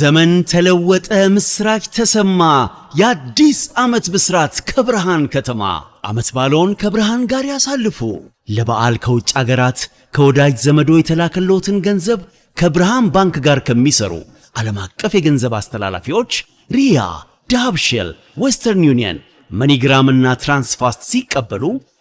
ዘመን ተለወጠ፣ ምስራች ተሰማ፣ የአዲስ ዓመት ብስራት ከብርሃን ከተማ። ዓመት ባለውን ከብርሃን ጋር ያሳልፉ። ለበዓል ከውጭ አገራት ከወዳጅ ዘመዶ የተላከለዎትን ገንዘብ ከብርሃን ባንክ ጋር ከሚሰሩ ዓለም አቀፍ የገንዘብ አስተላላፊዎች ሪያ፣ ዳብሽል፣ ዌስተርን ዩኒየን፣ መኒግራም እና ትራንስፋስት ሲቀበሉ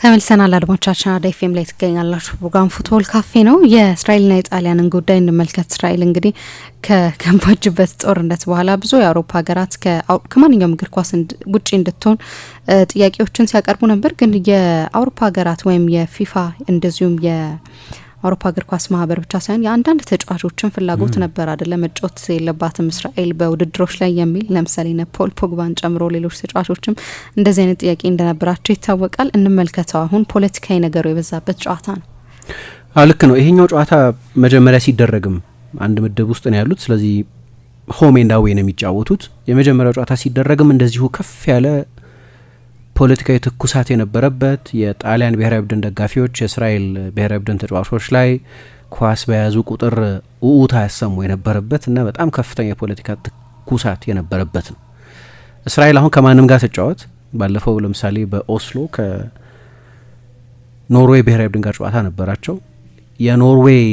ተመልሰናል አድማጮቻችን፣ አራዳ ኤፍ ኤም ላይ ትገኛላችሁ። ቡጋን ፉትቦል ካፌ ነው። የእስራኤልና የጣሊያንን ጉዳይ እንመልከት። እስራኤል እንግዲህ ከገባችበት ጦርነት በኋላ ብዙ የአውሮፓ ሀገራት ከማንኛውም እግር ኳስ ውጪ እንድትሆን ጥያቄዎችን ሲያቀርቡ ነበር። ግን የአውሮፓ ሀገራት ወይም የፊፋ እንደዚሁም አውሮፓ እግር ኳስ ማህበር ብቻ ሳይሆን የአንዳንድ ተጫዋቾችን ፍላጎት ነበር አደለ? መጫወት የለባትም እስራኤል በውድድሮች ላይ የሚል ለምሳሌ ፖል ፖግባን ጨምሮ ሌሎች ተጫዋቾችም እንደዚህ አይነት ጥያቄ እንደነበራቸው ይታወቃል። እንመልከተው። አሁን ፖለቲካዊ ነገሩ የበዛበት ጨዋታ ነው። ልክ ነው። ይሄኛው ጨዋታ መጀመሪያ ሲደረግም አንድ ምድብ ውስጥ ነው ያሉት። ስለዚህ ሆሜ እንዳዌ ነው የሚጫወቱት። የመጀመሪያው ጨዋታ ሲደረግም እንደዚሁ ከፍ ያለ ፖለቲካዊ ትኩሳት የነበረበት የጣሊያን ብሔራዊ ቡድን ደጋፊዎች የእስራኤል ብሔራዊ ቡድን ተጫዋቾች ላይ ኳስ በያዙ ቁጥር ውዑታ ያሰሙ የነበረበት እና በጣም ከፍተኛ የፖለቲካ ትኩሳት የነበረበት ነው። እስራኤል አሁን ከማንም ጋር ተጫወት ባለፈው ለምሳሌ በኦስሎ ከኖርዌይ ብሔራዊ ቡድን ጋር ጨዋታ ነበራቸው። የኖርዌይ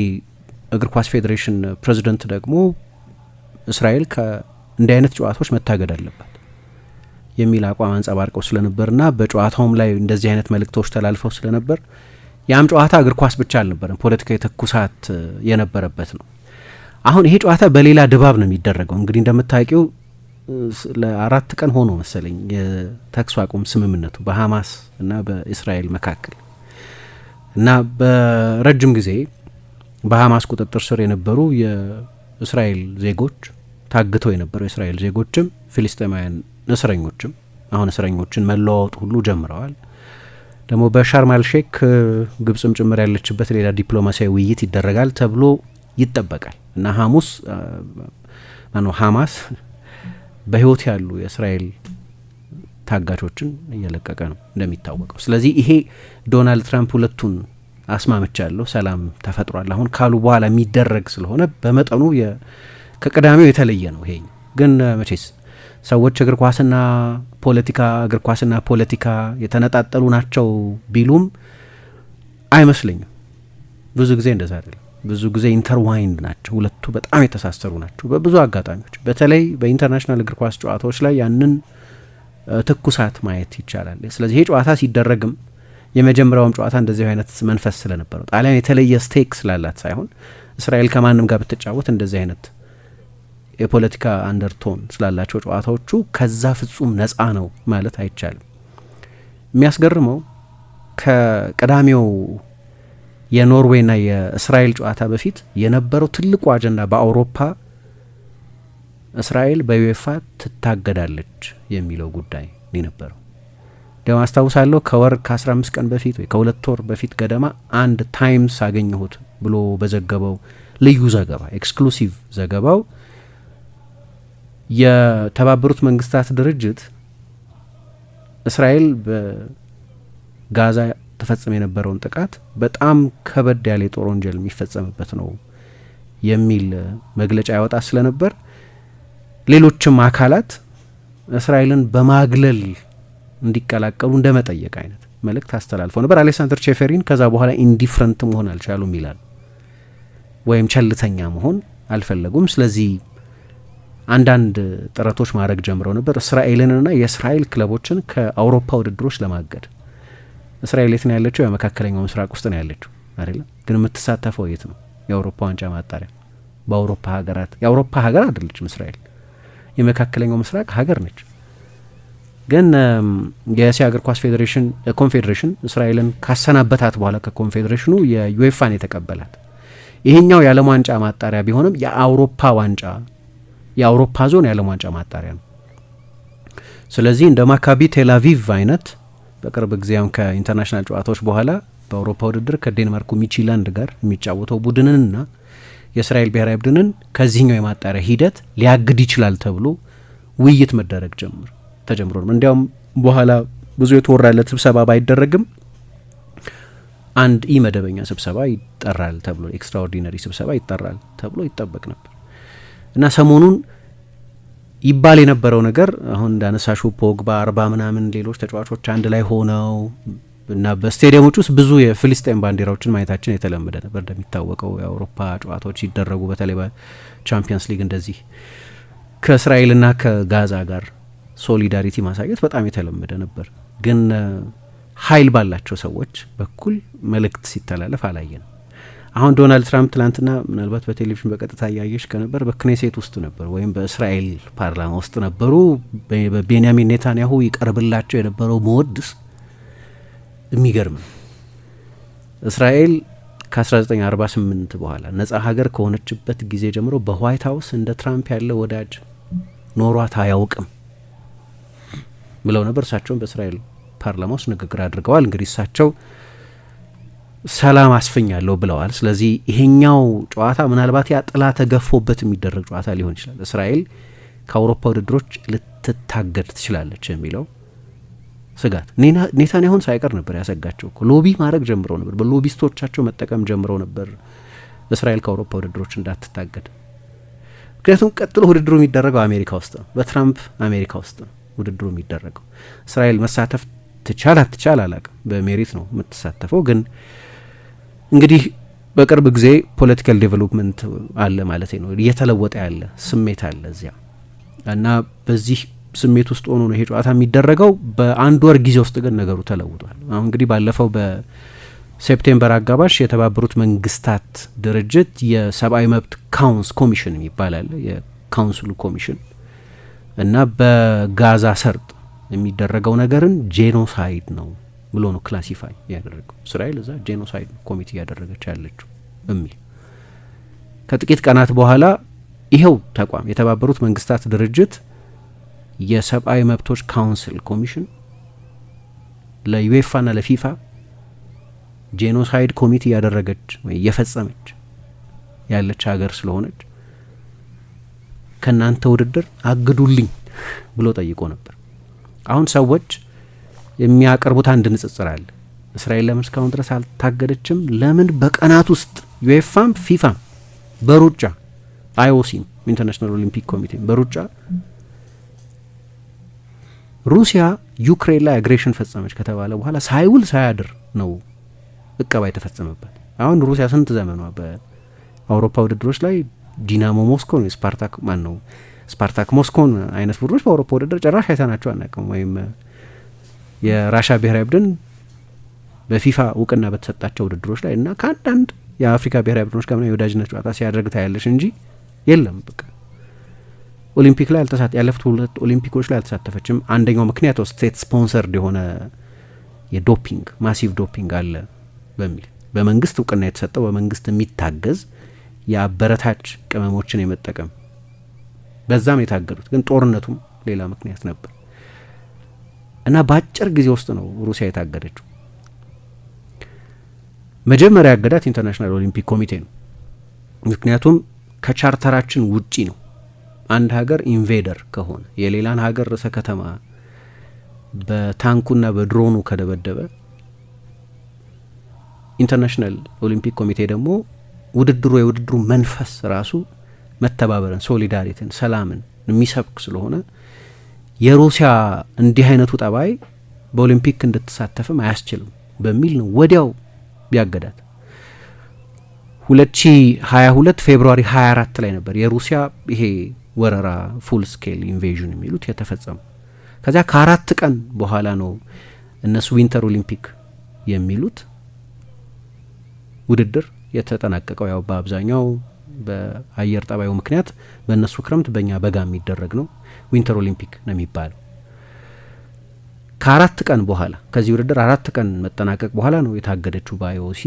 እግር ኳስ ፌዴሬሽን ፕሬዚደንት ደግሞ እስራኤል እንዲህ አይነት ጨዋታዎች መታገድ አለባት የሚል አቋም አንጸባርቀው ስለነበርና በጨዋታውም ላይ እንደዚህ አይነት መልእክቶች ተላልፈው ስለነበር ያም ጨዋታ እግር ኳስ ብቻ አልነበረም፣ ፖለቲካዊ ትኩሳት የነበረበት ነው። አሁን ይሄ ጨዋታ በሌላ ድባብ ነው የሚደረገው። እንግዲህ እንደምታውቂው ለአራት ቀን ሆኖ መሰለኝ የተኩስ አቁም ስምምነቱ በሀማስ እና በእስራኤል መካከል እና በረጅም ጊዜ በሀማስ ቁጥጥር ስር የነበሩ የእስራኤል ዜጎች ታግተው የነበሩ የእስራኤል ዜጎችም ፊልስጤማውያን እስረኞችም አሁን እስረኞችን መለዋወጥ ሁሉ ጀምረዋል። ደግሞ በሻርም ሼክ ግብጽም ጭምር ያለችበት ሌላ ዲፕሎማሲያዊ ውይይት ይደረጋል ተብሎ ይጠበቃል እና ሀሙስ ማነው ሀማስ በህይወት ያሉ የእስራኤል ታጋቾችን እየለቀቀ ነው እንደሚታወቀው። ስለዚህ ይሄ ዶናልድ ትራምፕ ሁለቱን አስማምቻለሁ፣ ሰላም ተፈጥሯል አሁን ካሉ በኋላ የሚደረግ ስለሆነ በመጠኑ ከቅዳሜው የተለየ ነው። ይሄ ግን መቼስ ሰዎች እግር ኳስና ፖለቲካ እግር ኳስና ፖለቲካ የተነጣጠሉ ናቸው ቢሉም አይመስለኝም። ብዙ ጊዜ እንደዛ አይደለም። ብዙ ጊዜ ኢንተርዋይንድ ናቸው። ሁለቱ በጣም የተሳሰሩ ናቸው በብዙ አጋጣሚዎች። በተለይ በኢንተርናሽናል እግር ኳስ ጨዋታዎች ላይ ያንን ትኩሳት ማየት ይቻላል። ስለዚህ ይሄ ጨዋታ ሲደረግም የመጀመሪያውም ጨዋታ እንደዚህ አይነት መንፈስ ስለነበረው ጣሊያን የተለየ ስቴክ ስላላት ሳይሆን እስራኤል ከማንም ጋር ብትጫወት እንደዚህ አይነት የፖለቲካ አንደርቶን ስላላቸው ጨዋታዎቹ ከዛ ፍጹም ነፃ ነው ማለት አይቻልም። የሚያስገርመው ከቀዳሚው የኖርዌይና የእስራኤል ጨዋታ በፊት የነበረው ትልቁ አጀንዳ በአውሮፓ እስራኤል በዩኤፋ ትታገዳለች የሚለው ጉዳይ የነበረው ደግሞ አስታውሳለሁ ከወር ከ15 ቀን በፊት ወይ ከሁለት ወር በፊት ገደማ አንድ ታይምስ አገኘሁት ብሎ በዘገበው ልዩ ዘገባ ኤክስክሉሲቭ ዘገባው የተባበሩት መንግስታት ድርጅት እስራኤል በጋዛ ተፈጽሞ የነበረውን ጥቃት በጣም ከበድ ያለ የጦር ወንጀል የሚፈጸምበት ነው የሚል መግለጫ ያወጣ ስለነበር ሌሎችም አካላት እስራኤልን በማግለል እንዲቀላቀሉ እንደ መጠየቅ አይነት መልእክት አስተላልፎ ነበር። አሌክሳንደር ቼፌሪን ከዛ በኋላ ኢንዲፍረንት መሆን አልቻሉም ይላል፣ ወይም ቸልተኛ መሆን አልፈለጉም። ስለዚህ አንዳንድ ጥረቶች ማድረግ ጀምረው ነበር እስራኤልንና የእስራኤል ክለቦችን ከአውሮፓ ውድድሮች ለማገድ። እስራኤል የት ነው ያለችው? የመካከለኛው ምስራቅ ውስጥ ነው ያለችው አይደለም። ግን የምትሳተፈው የት ነው? የአውሮፓ ዋንጫ ማጣሪያ በአውሮፓ ሀገራት። የአውሮፓ ሀገር አይደለችም እስራኤል፣ የመካከለኛው ምስራቅ ሀገር ነች። ግን የእስያ እግር ኳስ ፌዴሬሽን ኮንፌዴሬሽን እስራኤልን ካሰናበታት በኋላ ከኮንፌዴሬሽኑ የዩኤፋን የተቀበላት ይህኛው የዓለም ዋንጫ ማጣሪያ ቢሆንም የአውሮፓ ዋንጫ የአውሮፓ ዞን የዓለም ዋንጫ ማጣሪያ ነው። ስለዚህ እንደ ማካቢ ቴላቪቭ አይነት በቅርብ ጊዜ ከኢንተርናሽናል ጨዋታዎች በኋላ በአውሮፓ ውድድር ከዴንማርኩ ሚችላንድ ጋር የሚጫወተው ቡድንንና የእስራኤል ብሔራዊ ቡድንን ከዚህኛው የማጣሪያ ሂደት ሊያግድ ይችላል ተብሎ ውይይት መደረግ ጀምር ተጀምሮ ነው። እንዲያውም በኋላ ብዙ የተወራለት ስብሰባ ባይደረግም አንድ ኢ መደበኛ ስብሰባ ይጠራል ተብሎ ኤክስትራኦርዲነሪ ስብሰባ ይጠራል ተብሎ ይጠበቅ ነበር። እና ሰሞኑን ይባል የነበረው ነገር አሁን እንዳነሳሹ ፖግባ አርባ ምናምን ሌሎች ተጫዋቾች አንድ ላይ ሆነው እና በስቴዲየሞች ውስጥ ብዙ የፍልስጤን ባንዲራዎችን ማየታችን የተለመደ ነበር። እንደሚታወቀው የአውሮፓ ጨዋታዎች ሲደረጉ በተለይ በቻምፒየንስ ሊግ እንደዚህ ከእስራኤልና ከጋዛ ጋር ሶሊዳሪቲ ማሳየት በጣም የተለመደ ነበር። ግን ኃይል ባላቸው ሰዎች በኩል መልእክት ሲተላለፍ አላየንም። አሁን ዶናልድ ትራምፕ ትላንትና ምናልባት በቴሌቪዥን በቀጥታ እያየሽ ከነበር በክኔሴት ውስጥ ነበሩ ወይም በእስራኤል ፓርላማ ውስጥ ነበሩ። በቤንያሚን ኔታንያሁ ይቀርብላቸው የነበረው መወድስ የሚገርም እስራኤል ከ1948 በኋላ ነጻ ሀገር ከሆነችበት ጊዜ ጀምሮ በዋይት ሀውስ እንደ ትራምፕ ያለ ወዳጅ ኖሯት አያውቅም ብለው ነበር። እሳቸውም በእስራኤል ፓርላማ ውስጥ ንግግር አድርገዋል። እንግዲህ እሳቸው ሰላም አስፈኛለሁ ብለዋል። ስለዚህ ይሄኛው ጨዋታ ምናልባት ያ ጥላ ተገፎበት የሚደረግ ጨዋታ ሊሆን ይችላል። እስራኤል ከአውሮፓ ውድድሮች ልትታገድ ትችላለች የሚለው ስጋት ኔታንያሁን ሳይቀር ነበር ያሰጋቸው። ሎቢ ማድረግ ጀምረው ነበር፣ በሎቢስቶቻቸው መጠቀም ጀምረው ነበር እስራኤል ከአውሮፓ ውድድሮች እንዳትታገድ። ምክንያቱም ቀጥሎ ውድድሩ የሚደረገው አሜሪካ ውስጥ ነው፣ በትራምፕ አሜሪካ ውስጥ ነው ውድድሩ የሚደረገው። እስራኤል መሳተፍ ትቻል አትቻል አላቅም፣ በሜሪት ነው የምትሳተፈው ግን እንግዲህ በቅርብ ጊዜ ፖለቲካል ዴቨሎፕመንት አለ ማለት ነው። እየተለወጠ ያለ ስሜት አለ እዚያ እና በዚህ ስሜት ውስጥ ሆኖ ነው ይሄ ጨዋታ የሚደረገው። በአንድ ወር ጊዜ ውስጥ ግን ነገሩ ተለውጧል። አሁን እንግዲህ ባለፈው በሴፕቴምበር አጋባሽ የተባበሩት መንግስታት ድርጅት የሰብአዊ መብት ካውንስ ኮሚሽን ይባላል የካውንስሉ ኮሚሽን እና በጋዛ ሰርጥ የሚደረገው ነገርን ጄኖሳይድ ነው ብሎ ነው ክላሲፋይ ያደረገው። እስራኤል እዛ ጄኖሳይድ ኮሚቴ እያደረገች ያለችው የሚል ከጥቂት ቀናት በኋላ ይኸው ተቋም የተባበሩት መንግስታት ድርጅት የሰብአዊ መብቶች ካውንስል ኮሚሽን ለዩኤፋና ለፊፋ ጄኖሳይድ ኮሚቴ እያደረገች ወይ እየፈጸመች ያለች ሀገር ስለሆነች ከእናንተ ውድድር አግዱልኝ ብሎ ጠይቆ ነበር። አሁን ሰዎች የሚያቀርቡት አንድ ንጽጽር አለ። እስራኤል ለምን እስካሁን ድረስ አልታገደችም? ለምን በቀናት ውስጥ ዩኤፋም ፊፋም በሩጫ አይኦሲም ኢንተርናሽናል ኦሊምፒክ ኮሚቴ በሩጫ ሩሲያ ዩክሬን ላይ አግሬሽን ፈጸመች ከተባለ በኋላ ሳይውል ሳያድር ነው እቀባ የተፈጸመበት። አሁን ሩሲያ ስንት ዘመኗ በአውሮፓ ውድድሮች ላይ ዲናሞ ሞስኮ ነው ስፓርታክ ማን ነው ስፓርታክ ሞስኮን አይነት ቡድኖች በአውሮፓ ውድድር ጭራሽ አይተናቸው አናውቅም ወይም የራሻ ብሔራዊ ቡድን በፊፋ እውቅና በተሰጣቸው ውድድሮች ላይ እና ከአንዳንድ የአፍሪካ ብሔራዊ ቡድኖች ጋር የወዳጅነት ጨዋታ ሲያደርግ ታያለች እንጂ የለም በቃ ኦሊምፒክ ላይ አልተሳ ያለፉት ሁለት ኦሊምፒኮች ላይ አልተሳተፈችም። አንደኛው ምክንያት ስቴት ስፖንሰርድ የሆነ የዶፒንግ ማሲቭ ዶፒንግ አለ በሚል በመንግስት እውቅና የተሰጠው በመንግስት የሚታገዝ የአበረታች ቅመሞችን የመጠቀም በዛም የታገዱት ግን ጦርነቱም ሌላ ምክንያት ነበር። እና በአጭር ጊዜ ውስጥ ነው ሩሲያ የታገደችው። መጀመሪያ ያገዳት ኢንተርናሽናል ኦሊምፒክ ኮሚቴ ነው። ምክንያቱም ከቻርተራችን ውጪ ነው። አንድ ሀገር ኢንቬደር ከሆነ የሌላን ሀገር ርዕሰ ከተማ በታንኩና በድሮኑ ከደበደበ ኢንተርናሽናል ኦሊምፒክ ኮሚቴ ደግሞ ውድድሩ የውድድሩ መንፈስ ራሱ መተባበርን፣ ሶሊዳሪትን፣ ሰላምን የሚሰብክ ስለሆነ የሩሲያ እንዲህ አይነቱ ጠባይ በኦሊምፒክ እንድትሳተፍም አያስችልም በሚል ነው ወዲያው ያገዳት። 2022 ፌብርዋሪ 24 ላይ ነበር የሩሲያ ይሄ ወረራ ፉል ስኬል ኢንቬዥን የሚሉት የተፈጸሙ። ከዚያ ከአራት ቀን በኋላ ነው እነሱ ዊንተር ኦሊምፒክ የሚሉት ውድድር የተጠናቀቀው። ያው በአብዛኛው በአየር ጠባዩ ምክንያት በእነሱ ክረምት፣ በእኛ በጋ የሚደረግ ነው። ዊንተር ኦሊምፒክ ነው የሚባለው። ከአራት ቀን በኋላ ከዚህ ውድድር አራት ቀን መጠናቀቅ በኋላ ነው የታገደችው በአይኦሲ።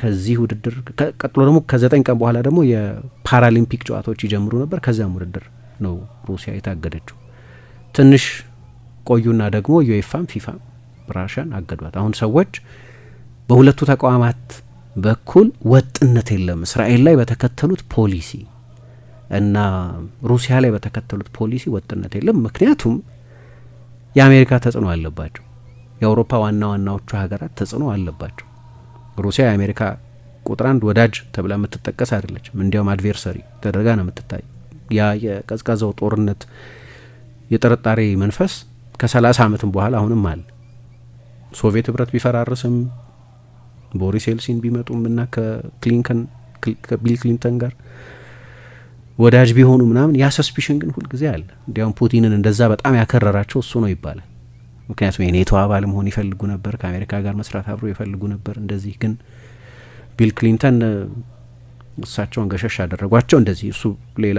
ከዚህ ውድድር ቀጥሎ ደግሞ ከዘጠኝ ቀን በኋላ ደግሞ የፓራሊምፒክ ጨዋታዎች ይጀምሩ ነበር። ከዚያም ውድድር ነው ሩሲያ የታገደችው። ትንሽ ቆዩና ደግሞ ዩኤፋም ፊፋም ራሽያን አገዷት። አሁን ሰዎች በሁለቱ ተቋማት በኩል ወጥነት የለም እስራኤል ላይ በተከተሉት ፖሊሲ እና ሩሲያ ላይ በተከተሉት ፖሊሲ ወጥነት የለም። ምክንያቱም የአሜሪካ ተጽዕኖ አለባቸው። የአውሮፓ ዋና ዋናዎቹ ሀገራት ተጽዕኖ አለባቸው። ሩሲያ የአሜሪካ ቁጥር አንድ ወዳጅ ተብላ የምትጠቀስ አይደለችም። እንዲያውም አድቨርሰሪ ተደርጋ ነው የምትታይ። ያ የቀዝቃዛው ጦርነት የጥርጣሬ መንፈስ ከሰላሳ ዓመትም በኋላ አሁንም አለ። ሶቪየት ህብረት ቢፈራርስም ቦሪስ ኤልሲን ቢመጡም እና ከቢል ክሊንተን ጋር ወዳጅ ቢሆኑ ምናምን ያ ሰስፒሽን ግን ሁልጊዜ አለ። እንዲያውም ፑቲንን እንደዛ በጣም ያከረራቸው እሱ ነው ይባላል። ምክንያቱም የኔቶ አባል መሆን ይፈልጉ ነበር፣ ከአሜሪካ ጋር መስራት አብሮ ይፈልጉ ነበር። እንደዚህ ግን ቢል ክሊንተን እሳቸውን ገሸሽ አደረጓቸው። እንደዚህ እሱ ሌላ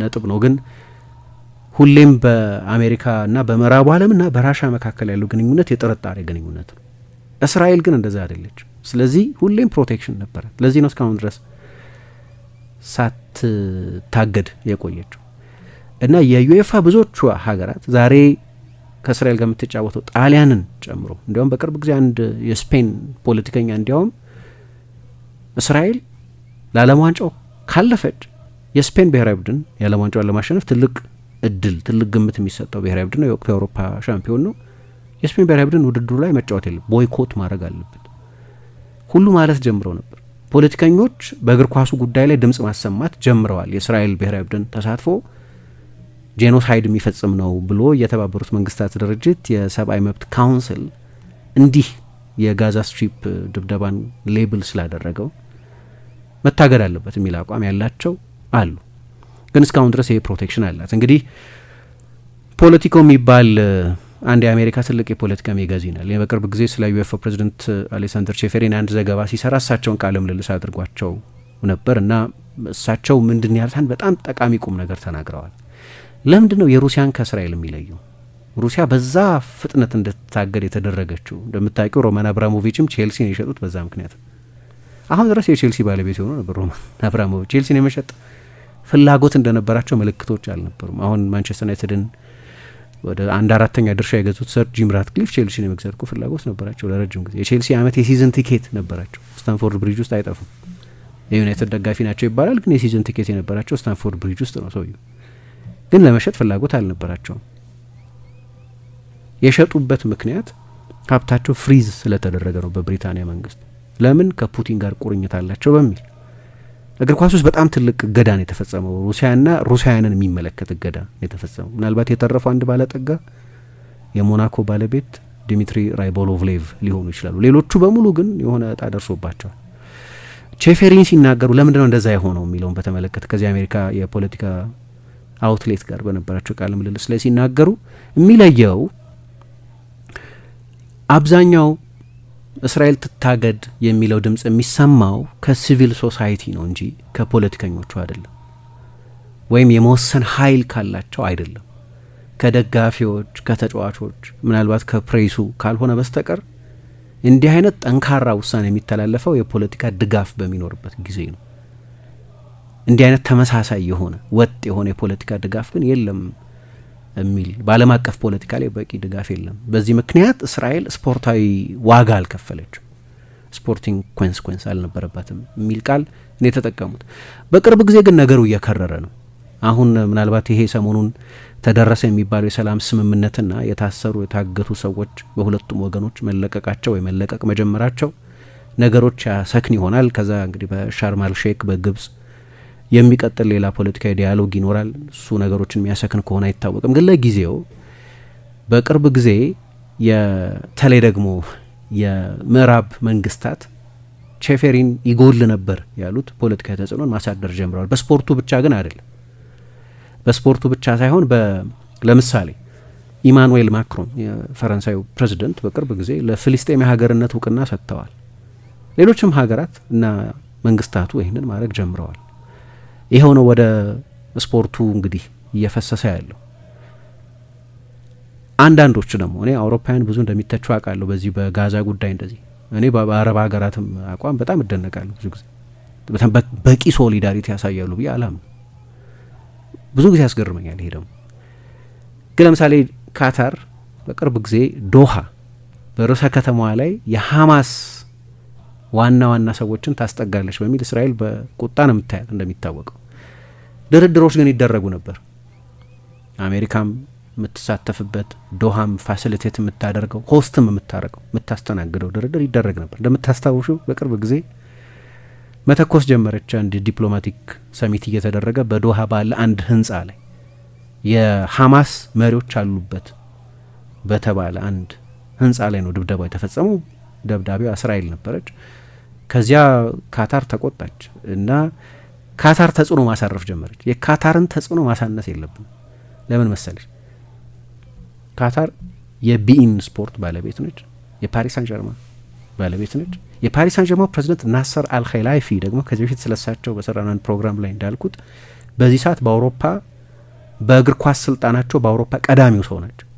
ነጥብ ነው። ግን ሁሌም በአሜሪካ እና በምዕራቡ ዓለምና በራሻ መካከል ያለው ግንኙነት የጥርጣሬ ግንኙነት ነው። እስራኤል ግን እንደዛ አይደለች። ስለዚህ ሁሌም ፕሮቴክሽን ነበረ። ለዚህ ነው እስካሁን ድረስ ሳትታገድ የቆየችው እና የዩኤፋ ብዙዎቹ ሀገራት ዛሬ ከእስራኤል ጋር የምትጫወተው ጣሊያንን ጨምሮ እንዲያውም በቅርብ ጊዜ አንድ የስፔን ፖለቲከኛ እንዲያውም እስራኤል ለዓለም ዋንጫው ካለፈች የስፔን ብሔራዊ ቡድን የዓለም ዋንጫውን ለማሸነፍ ትልቅ እድል ትልቅ ግምት የሚሰጠው ብሔራዊ ቡድን ነው። የወቅቱ የአውሮፓ ሻምፒዮን ነው። የስፔን ብሔራዊ ቡድን ውድድሩ ላይ መጫወት የለም ቦይኮት ማድረግ አለበት ሁሉ ማለት ጀምረው ነበር። ፖለቲከኞች በእግር ኳሱ ጉዳይ ላይ ድምፅ ማሰማት ጀምረዋል። የእስራኤል ብሔራዊ ቡድን ተሳትፎ ጄኖሳይድ የሚፈጽም ነው ብሎ የተባበሩት መንግስታት ድርጅት የሰብአዊ መብት ካውንስል እንዲህ የጋዛ ስትሪፕ ድብደባን ሌብል ስላደረገው መታገድ አለበት የሚል አቋም ያላቸው አሉ። ግን እስካሁን ድረስ ይሄ ፕሮቴክሽን አላት። እንግዲህ ፖለቲኮ የሚባል አንድ የአሜሪካ ትልቅ የፖለቲካ ሜጋዚናል በቅርብ ጊዜ ስለ ዩኤፋ ፕሬዚደንት አሌክሳንደር ቼፌሪን አንድ ዘገባ ሲሰራ እሳቸውን ቃለ ምልልስ አድርጓቸው ነበር እና እሳቸው ምንድን ያልታን በጣም ጠቃሚ ቁም ነገር ተናግረዋል። ለምንድን ነው የሩሲያን ከእስራኤል የሚለዩ? ሩሲያ በዛ ፍጥነት እንድትታገድ የተደረገችው እንደምታውቂው ሮማን አብራሞቪችም ቼልሲን የሸጡት በዛ ምክንያት። አሁን ድረስ የቼልሲ ባለቤት የሆኑ ነበር ሮማን አብራሞቪች። ቼልሲን የመሸጥ ፍላጎት እንደነበራቸው ምልክቶች አልነበሩም። አሁን ማንቸስተር ዩናይትድን ወደ አንድ አራተኛ ድርሻ የገዙት ሰር ጂም ራትክሊፍ ቼልሲን የመግዛት እኮ ፍላጎት ነበራቸው ለረጅም ጊዜ። የቼልሲ አመት የሲዝን ቲኬት ነበራቸው። ስታንፎርድ ብሪጅ ውስጥ አይጠፉም። የዩናይትድ ደጋፊ ናቸው ይባላል፣ ግን የሲዝን ቲኬት የነበራቸው ስታንፎርድ ብሪጅ ውስጥ ነው። ሰውየው ግን ለመሸጥ ፍላጎት አልነበራቸውም። የሸጡበት ምክንያት ሀብታቸው ፍሪዝ ስለተደረገ ነው በብሪታንያ መንግስት። ለምን ከፑቲን ጋር ቁርኝት አላቸው በሚል እግር ኳስ ውስጥ በጣም ትልቅ እገዳ ነው የተፈጸመው። ሩሲያና ሩሲያውያንን የሚመለከት እገዳ ነው የተፈጸመው። ምናልባት የተረፈው አንድ ባለጠጋ የሞናኮ ባለቤት ዲሚትሪ ራይቦሎቭሌቭ ሊሆኑ ይችላሉ። ሌሎቹ በሙሉ ግን የሆነ እጣ ደርሶባቸዋል። ቼፌሪን ሲናገሩ ለምንድን ነው እንደዛ የሆነው የሚለውን በተመለከተ ከዚህ አሜሪካ የፖለቲካ አውትሌት ጋር በነበራቸው ቃለ ምልልስ ላይ ሲናገሩ የሚለየው አብዛኛው እስራኤል ትታገድ የሚለው ድምፅ የሚሰማው ከሲቪል ሶሳይቲ ነው እንጂ ከፖለቲከኞቹ አይደለም፣ ወይም የመወሰን ኃይል ካላቸው አይደለም፣ ከደጋፊዎች፣ ከተጫዋቾች፣ ምናልባት ከፕሬሱ ካልሆነ በስተቀር እንዲህ አይነት ጠንካራ ውሳኔ የሚተላለፈው የፖለቲካ ድጋፍ በሚኖርበት ጊዜ ነው። እንዲህ አይነት ተመሳሳይ የሆነ ወጥ የሆነ የፖለቲካ ድጋፍ ግን የለም። የሚል በዓለም አቀፍ ፖለቲካ ላይ በቂ ድጋፍ የለም። በዚህ ምክንያት እስራኤል ስፖርታዊ ዋጋ አልከፈለችም፣ ስፖርቲንግ ኮንስኮንስ አልነበረባትም የሚል ቃል ነው የተጠቀሙት። በቅርብ ጊዜ ግን ነገሩ እየከረረ ነው። አሁን ምናልባት ይሄ ሰሞኑን ተደረሰ የሚባለው የሰላም ስምምነትና የታሰሩ የታገቱ ሰዎች በሁለቱም ወገኖች መለቀቃቸው ወይ መለቀቅ መጀመራቸው ነገሮች ያሰክን ይሆናል። ከዛ እንግዲህ በሻርማል ሼክ በግብጽ የሚቀጥል ሌላ ፖለቲካዊ ዲያሎግ ይኖራል። እሱ ነገሮችን የሚያሰክን ከሆነ አይታወቅም። ግን ለጊዜው በቅርብ ጊዜ የተለይ ደግሞ የምዕራብ መንግስታት ቼፌሪን ይጎል ነበር ያሉት ፖለቲካዊ ተጽዕኖን ማሳደር ጀምረዋል። በስፖርቱ ብቻ ግን አይደለም። በስፖርቱ ብቻ ሳይሆን ለምሳሌ ኢማኑኤል ማክሮን የፈረንሳዩ ፕሬዚደንት በቅርብ ጊዜ ለፊልስጤም የሀገርነት እውቅና ሰጥተዋል። ሌሎችም ሀገራት እና መንግስታቱ ይህንን ማድረግ ጀምረዋል። ይኸው ነው ወደ ስፖርቱ እንግዲህ እየፈሰሰ ያለው። አንዳንዶቹ ደግሞ እኔ አውሮፓውያን ብዙ እንደሚተቹ አውቃለሁ። በዚህ በጋዛ ጉዳይ እንደዚህ እኔ በአረብ ሀገራትም አቋም በጣም እደነቃለሁ። ብዙ ጊዜ በጣም በቂ ሶሊዳሪቲ ያሳያሉ ብዬ አላም ብዙ ጊዜ ያስገርመኛል። ይሄ ደግሞ ግን ለምሳሌ ካታር በቅርብ ጊዜ ዶሃ በርዕሰ ከተማዋ ላይ የሐማስ ዋና ዋና ሰዎችን ታስጠጋለች በሚል እስራኤል በቁጣ ነው የምታያት እንደሚታወቀው ድርድሮች ግን ይደረጉ ነበር። አሜሪካም የምትሳተፍበት ዶሃም ፋሲሊቴት የምታደርገው ሆስትም የምታደርገው የምታስተናግደው ድርድር ይደረግ ነበር። እንደምታስታውሹ በቅርብ ጊዜ መተኮስ ጀመረች። አንድ ዲፕሎማቲክ ሰሚት እየተደረገ በዶሃ ባለ አንድ ህንፃ ላይ የሐማስ መሪዎች አሉበት በተባለ አንድ ህንፃ ላይ ነው ድብደባው የተፈጸመው። ደብዳቤው እስራኤል ነበረች። ከዚያ ካታር ተቆጣች እና ካታር ተጽዕኖ ማሳረፍ ጀመረች። የካታርን ተጽዕኖ ማሳነስ የለብንም። ለምን መሰለች? ካታር የቢኢን ስፖርት ባለቤት ነች። የፓሪስ ሳን ጀርማ ባለቤት ነች። የፓሪስ ሳን ጀርማው ፕሬዚደንት ናሰር አልኸላይፊ ደግሞ ከዚህ በፊት ስለሳቸው በሰራናን ፕሮግራም ላይ እንዳልኩት በዚህ ሰዓት በአውሮፓ በእግር ኳስ ስልጣናቸው በአውሮፓ ቀዳሚው ሰው ናቸው።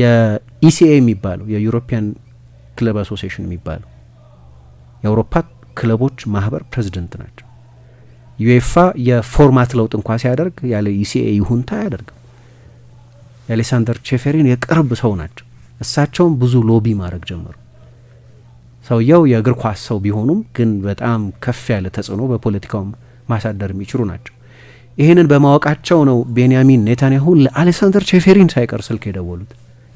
የኢሲኤ የሚባለው የዩሮፒያን ክለብ አሶሲሽን የሚባለው የአውሮፓ ክለቦች ማህበር ፕሬዚደንት ናቸው። ዩኤፋ የፎርማት ለውጥ እንኳ ሲያደርግ ያለ ኢሲኤ ይሁንታ አያደርግም። የአሌክሳንደር ቼፌሪን የቅርብ ሰው ናቸው። እሳቸውም ብዙ ሎቢ ማድረግ ጀመሩ። ሰውየው የእግር ኳስ ሰው ቢሆኑም ግን በጣም ከፍ ያለ ተጽዕኖ በፖለቲካውም ማሳደር የሚችሉ ናቸው። ይህንን በማወቃቸው ነው ቤንያሚን ኔታንያሁ ለአሌክሳንደር ቼፌሪን ሳይቀር ስልክ የደወሉት።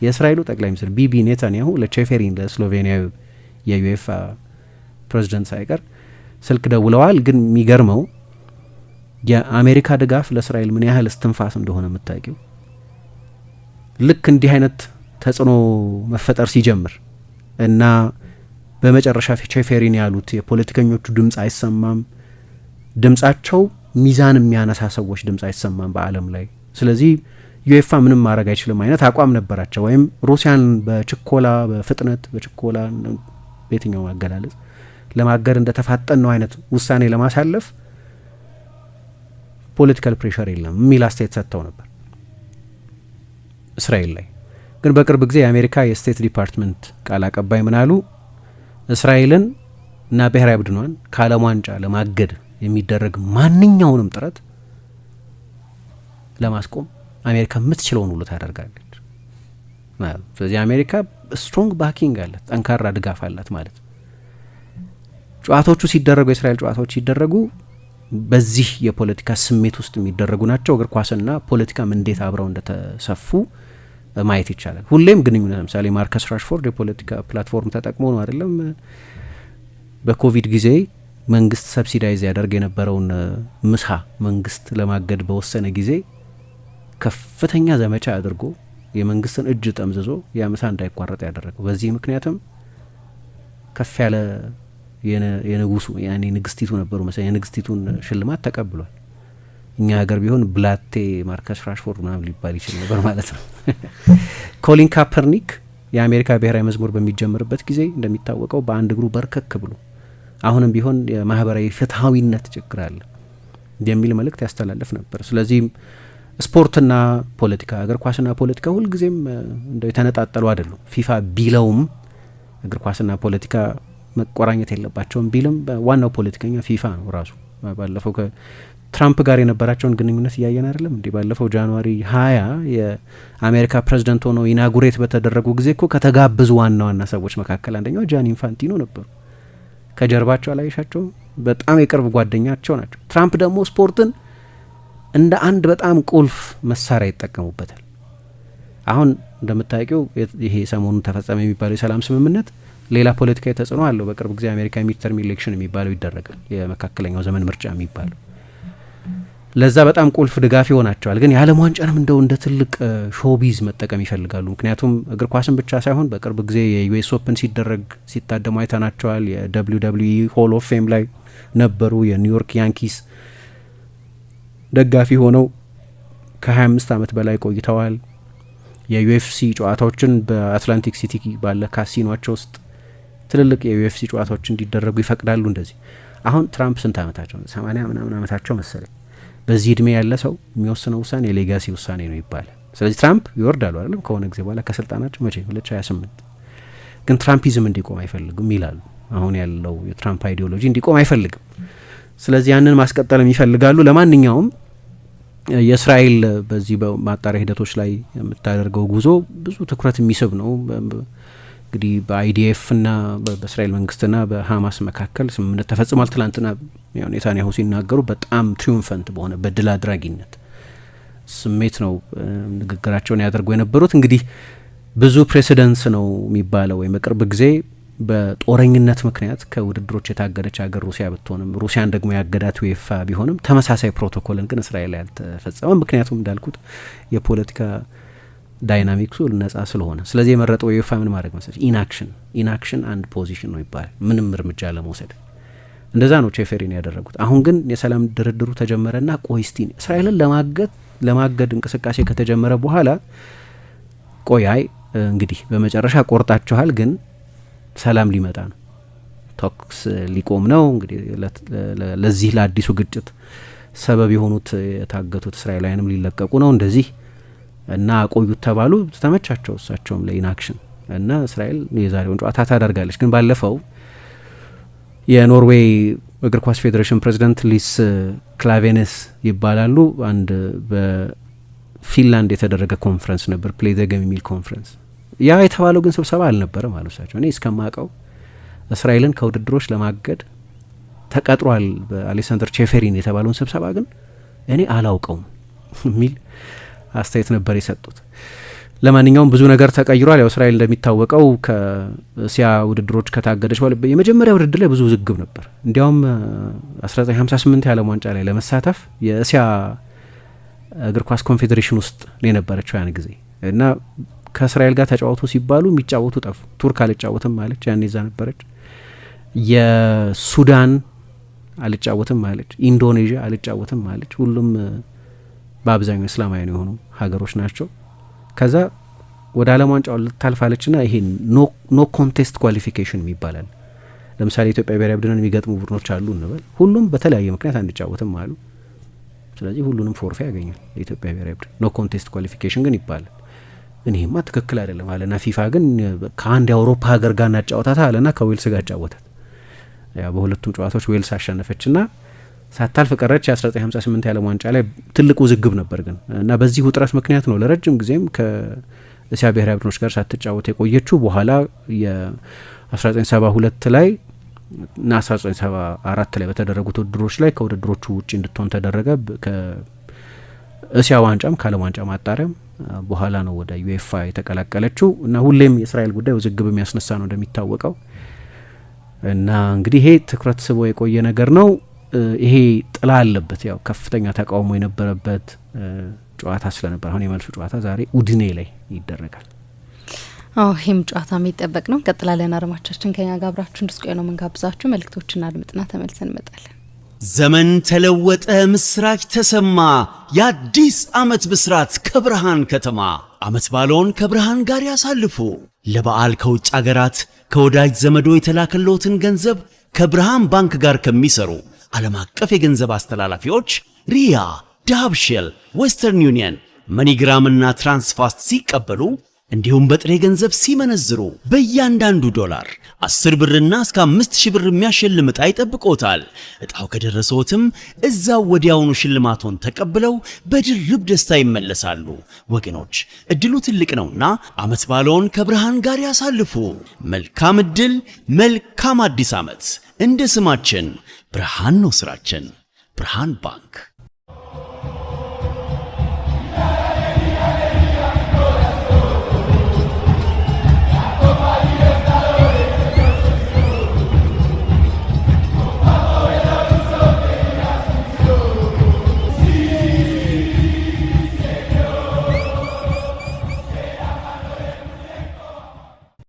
የእስራኤሉ ጠቅላይ ሚኒስትር ቢቢ ኔታንያሁ ለቼፌሪን ለስሎቬኒያዊ የዩኤፋ ፕሬዚደንት ሳይቀር ስልክ ደውለዋል። ግን የሚገርመው የአሜሪካ ድጋፍ ለእስራኤል ምን ያህል እስትንፋስ እንደሆነ የምታውቂው ልክ እንዲህ አይነት ተጽዕኖ መፈጠር ሲጀምር እና በመጨረሻ ቼፌሪን ያሉት የፖለቲከኞቹ ድምፅ አይሰማም፣ ድምፃቸው ሚዛን የሚያነሳ ሰዎች ድምፅ አይሰማም በዓለም ላይ ስለዚህ ዩኤፋ ምንም ማድረግ አይችልም አይነት አቋም ነበራቸው። ወይም ሩሲያን በችኮላ በፍጥነት በችኮላ በየትኛው አገላለጽ ለማገድ እንደተፋጠን ነው አይነት ውሳኔ ለማሳለፍ ፖለቲካል ፕሬሸር የለም የሚል አስተያየት ሰጥተው ነበር እስራኤል ላይ። ግን በቅርብ ጊዜ የአሜሪካ የስቴት ዲፓርትመንት ቃል አቀባይ ምናሉ እስራኤልን እና ብሔራዊ ቡድኗን ከዓለም ዋንጫ ለማገድ የሚደረግ ማንኛውንም ጥረት ለማስቆም አሜሪካ የምትችለውን ሁሉ ታደርጋለች። ስለዚህ አሜሪካ ስትሮንግ ባኪንግ አላት፣ ጠንካራ ድጋፍ አላት ማለት ነው። ጨዋታዎቹ ሲደረጉ የእስራኤል ጨዋታዎች ሲደረጉ በዚህ የፖለቲካ ስሜት ውስጥ የሚደረጉ ናቸው። እግር ኳስና ፖለቲካም እንዴት አብረው እንደተሰፉ ማየት ይቻላል። ሁሌም ግንኙነት ለምሳሌ ማርከስ ራሽፎርድ የፖለቲካ ፕላትፎርም ተጠቅሞ ነው አይደለም። በኮቪድ ጊዜ መንግስት ሰብሲዳይዝ ያደርግ የነበረውን ምሳ መንግስት ለማገድ በወሰነ ጊዜ ከፍተኛ ዘመቻ አድርጎ የመንግስትን እጅ ጠምዝዞ ያ ምሳ እንዳይቋረጥ ያደረገው በዚህ ምክንያትም ከፍ ያለ የንጉሱ ንግስቲቱ ነበሩ መሰለኝ የንግስቲቱን ሽልማት ተቀብሏል። እኛ ሀገር ቢሆን ብላቴ ማርከስ ራሽፎርድ ምናምን ሊባል ይችል ነበር ማለት ነው። ኮሊን ካፐርኒክ የአሜሪካ ብሔራዊ መዝሙር በሚጀምርበት ጊዜ እንደሚታወቀው በአንድ እግሩ በርከክ ብሎ አሁንም ቢሆን የማህበራዊ ፍትሐዊነት ችግር አለ የሚል መልእክት ያስተላለፍ ነበር። ስለዚህም ስፖርትና ፖለቲካ እግር ኳስና ፖለቲካ ሁልጊዜም እንደው የተነጣጠሉ አይደሉም። ፊፋ ቢለውም እግር ኳስና ፖለቲካ መቆራኘት የለባቸውም ቢልም ዋናው ፖለቲከኛ ፊፋ ነው ራሱ። ባለፈው ከትራምፕ ጋር የነበራቸውን ግንኙነት እያየን አይደለም እንዲህ ባለፈው ጃንዋሪ ሀያ የአሜሪካ ፕሬዚደንት ሆነው ኢናጉሬት በተደረጉ ጊዜ እኮ ከተጋበዙ ዋና ዋና ሰዎች መካከል አንደኛው ጃን ኢንፋንቲኖ ነበሩ። ከጀርባቸው አላየሻቸውም። በጣም የቅርብ ጓደኛቸው ናቸው። ትራምፕ ደግሞ ስፖርትን እንደ አንድ በጣም ቁልፍ መሳሪያ ይጠቀሙበታል። አሁን እንደምታውቂው ይሄ ሰሞኑን ተፈጸመ የሚባለው የሰላም ስምምነት ሌላ ፖለቲካዊ ተጽዕኖ አለው። በቅርብ ጊዜ አሜሪካ ሚድተርም ኢሌክሽን የሚባለው ይደረጋል፣ የመካከለኛው ዘመን ምርጫ የሚባለው ለዛ በጣም ቁልፍ ድጋፍ ይሆናቸዋል። ግን የዓለም ዋንጫንም እንደው እንደ ትልቅ ሾቢዝ መጠቀም ይፈልጋሉ። ምክንያቱም እግር ኳስን ብቻ ሳይሆን በቅርብ ጊዜ የዩኤስ ኦፕን ሲደረግ ሲታደሙ አይተናቸዋል። የደብሊው ደብሊው ሆል ኦፍ ፌም ላይ ነበሩ። የኒውዮርክ ያንኪስ ደጋፊ ሆነው ከ25 ዓመት በላይ ቆይተዋል። የዩኤፍሲ ጨዋታዎችን በአትላንቲክ ሲቲ ባለ ካሲኗቸው ውስጥ ትልልቅ የዩኤፍሲ ጨዋታዎች እንዲደረጉ ይፈቅዳሉ። እንደዚህ አሁን ትራምፕ ስንት ዓመታቸው ሰማኒያ ምናምን ዓመታቸው መሰለኝ። በዚህ እድሜ ያለ ሰው የሚወስነው ውሳኔ የሌጋሲ ውሳኔ ነው ይባላል። ስለዚህ ትራምፕ ይወርዳሉ አይደለም ከሆነ ጊዜ በኋላ ከስልጣናቸው መቼ 2028 ግን ትራምፒዝም እንዲቆም አይፈልግም ይላሉ። አሁን ያለው የትራምፕ አይዲዮሎጂ እንዲቆም አይፈልግም። ስለዚህ ያንን ማስቀጠልም ይፈልጋሉ። ለማንኛውም የእስራኤል በዚህ በማጣሪያ ሂደቶች ላይ የምታደርገው ጉዞ ብዙ ትኩረት የሚስብ ነው። እንግዲህ በአይዲኤፍና በእስራኤል መንግስትና በሀማስ መካከል ስምምነት ተፈጽሟል። ትላንትና ኔታንያሁ ሲናገሩ በጣም ትሪዩምፈንት በሆነ በድል አድራጊነት ስሜት ነው ንግግራቸውን ያደርጉ የነበሩት። እንግዲህ ብዙ ፕሬሲደንስ ነው የሚባለው ወይም ጊዜ በጦረኝነት ምክንያት ከውድድሮች የታገደች ሀገር ሩሲያ ብትሆንም ሩሲያን ደግሞ ያገዳት ዌፋ ቢሆንም ተመሳሳይ ፕሮቶኮልን ግን እስራኤል ያልተፈጸመ ምክንያቱም እንዳልኩት የፖለቲካ ዳይናሚክሱ ነጻ ስለሆነ ስለዚህ የመረጠው የዩፋ ምን ማድረግ መሰለሽ ኢንአክሽን ኢንአክሽን አንድ ፖዚሽን ነው ይባላል። ምንም እርምጃ ለመውሰድ እንደዛ ነው ቼፌሪን ያደረጉት። አሁን ግን የሰላም ድርድሩ ተጀመረና ቆይ እስቲ እስራኤልን ለማገድ ለማገድ እንቅስቃሴ ከተጀመረ በኋላ ቆያይ እንግዲህ በመጨረሻ ቆርጣችኋል፣ ግን ሰላም ሊመጣ ነው፣ ተኩስ ሊቆም ነው። እንግዲህ ለዚህ ለአዲሱ ግጭት ሰበብ የሆኑት የታገቱት እስራኤላውያንም ሊለቀቁ ነው እንደዚህ እና አቆዩት ተባሉ። ተመቻቸው እሳቸውም ለኢናክሽን እና እስራኤል የዛሬውን ጨዋታ ታደርጋለች። ግን ባለፈው የኖርዌይ እግር ኳስ ፌዴሬሽን ፕሬዚደንት ሊስ ክላቬነስ ይባላሉ። አንድ በፊንላንድ የተደረገ ኮንፈረንስ ነበር፣ ፕሌይ ዘ ጌም የሚል ኮንፈረንስ። ያ የተባለው ግን ስብሰባ አልነበረም አሉ እሳቸው። እኔ እስከማውቀው እስራኤልን ከውድድሮች ለማገድ ተቀጥሯል በአሌክሳንደር ቼፌሪን የተባለውን ስብሰባ ግን እኔ አላውቀውም የሚል አስተያየት ነበር የሰጡት። ለማንኛውም ብዙ ነገር ተቀይሯል። ያው እስራኤል እንደሚታወቀው ከእስያ ውድድሮች ከታገደች የመጀመሪያ ውድድር ላይ ብዙ ውዝግብ ነበር። እንዲያውም 1958 የዓለም ዋንጫ ላይ ለመሳተፍ የእስያ እግር ኳስ ኮንፌዴሬሽን ውስጥ ነው የነበረችው ያን ጊዜ እና ከእስራኤል ጋር ተጫወቱ ሲባሉ የሚጫወቱ ጠፉ። ቱርክ አልጫወትም ማለች፣ ያን ይዛ ነበረች። የሱዳን አልጫወትም ማለች፣ ኢንዶኔዥያ አልጫወትም ማለች። ሁሉም በአብዛኛው እስላማውያን የሆኑ ሀገሮች ናቸው። ከዛ ወደ ዓለም ዋንጫው ልታልፋለች ና ይሄ ኖ ኮንቴስት ኳሊፊኬሽን ይባላል። ለምሳሌ ኢትዮጵያ ብሔራዊ ቡድንን የሚገጥሙ ቡድኖች አሉ እንበል፣ ሁሉም በተለያየ ምክንያት አንጫወትም አሉ። ስለዚህ ሁሉንም ፎርፌ ያገኛል የኢትዮጵያ ብሔራዊ ቡድን። ኖ ኮንቴስት ኳሊፊኬሽን ግን ይባላል። እኔማ ትክክል አይደለም አለና ፊፋ ግን ከአንድ የአውሮፓ ሀገር ጋር እናጫወታት አለና ከዌልስ ጋር አጫወታት። በሁለቱም ጨዋታዎች ዌልስ አሸነፈች ና ሳታልፍ ቀረች። የ1958 የዓለም ዋንጫ ላይ ትልቅ ውዝግብ ነበር ግን እና በዚህ ውጥረት ምክንያት ነው ለረጅም ጊዜም ከእስያ ብሔራዊ ቡድኖች ጋር ሳትጫወት የቆየችው። በኋላ የ1972 ላይ እና 1974 ላይ በተደረጉት ውድድሮች ላይ ከውድድሮቹ ውጭ እንድትሆን ተደረገ። ከእስያ ዋንጫም ከዓለም ዋንጫ ማጣሪያም በኋላ ነው ወደ ዩኤፋ የተቀላቀለችው እና ሁሌም የእስራኤል ጉዳይ ውዝግብ የሚያስነሳ ነው እንደሚታወቀው እና እንግዲህ ይሄ ትኩረት ስቦ የቆየ ነገር ነው። ይሄ ጥላ አለበት። ያው ከፍተኛ ተቃውሞ የነበረበት ጨዋታ ስለነበር አሁን የመልሱ ጨዋታ ዛሬ ኡድኔ ላይ ይደረጋል። አዎ ይህም ጨዋታ የሚጠበቅ ነው። ቀጥላለን አድማቻችን ከኛ ጋር አብራችሁ እንድትቆዩ ነው የምንጋብዛችሁ። መልእክቶችን አድምጥና ተመልሰን እንመጣለን። ዘመን ተለወጠ፣ ምስራች ተሰማ። የአዲስ ዓመት ብስራት ከብርሃን ከተማ ዓመት ባለውን ከብርሃን ጋር ያሳልፉ። ለበዓል ከውጭ አገራት ከወዳጅ ዘመዶ የተላከለትን ገንዘብ ከብርሃን ባንክ ጋር ከሚሰሩ ዓለም አቀፍ የገንዘብ አስተላላፊዎች ሪያ፣ ዳብሽል፣ ዌስተርን ዩኒየን፣ መኒግራም እና ትራንስፋስት ሲቀበሉ እንዲሁም በጥሬ ገንዘብ ሲመነዝሩ በእያንዳንዱ ዶላር 10 ብርና እስከ 5000 ብር የሚያሸልም ዕጣ ይጠብቆታል። ዕጣው ከደረሰዎትም እዛው ወዲያውኑ ሽልማቶን ተቀብለው በድርብ ደስታ ይመለሳሉ። ወገኖች እድሉ ትልቅ ነውና ዓመት ባለውን ከብርሃን ጋር ያሳልፉ። መልካም እድል፣ መልካም አዲስ ዓመት። እንደ ስማችን प्रहान्नो सराचन प्रहान पांख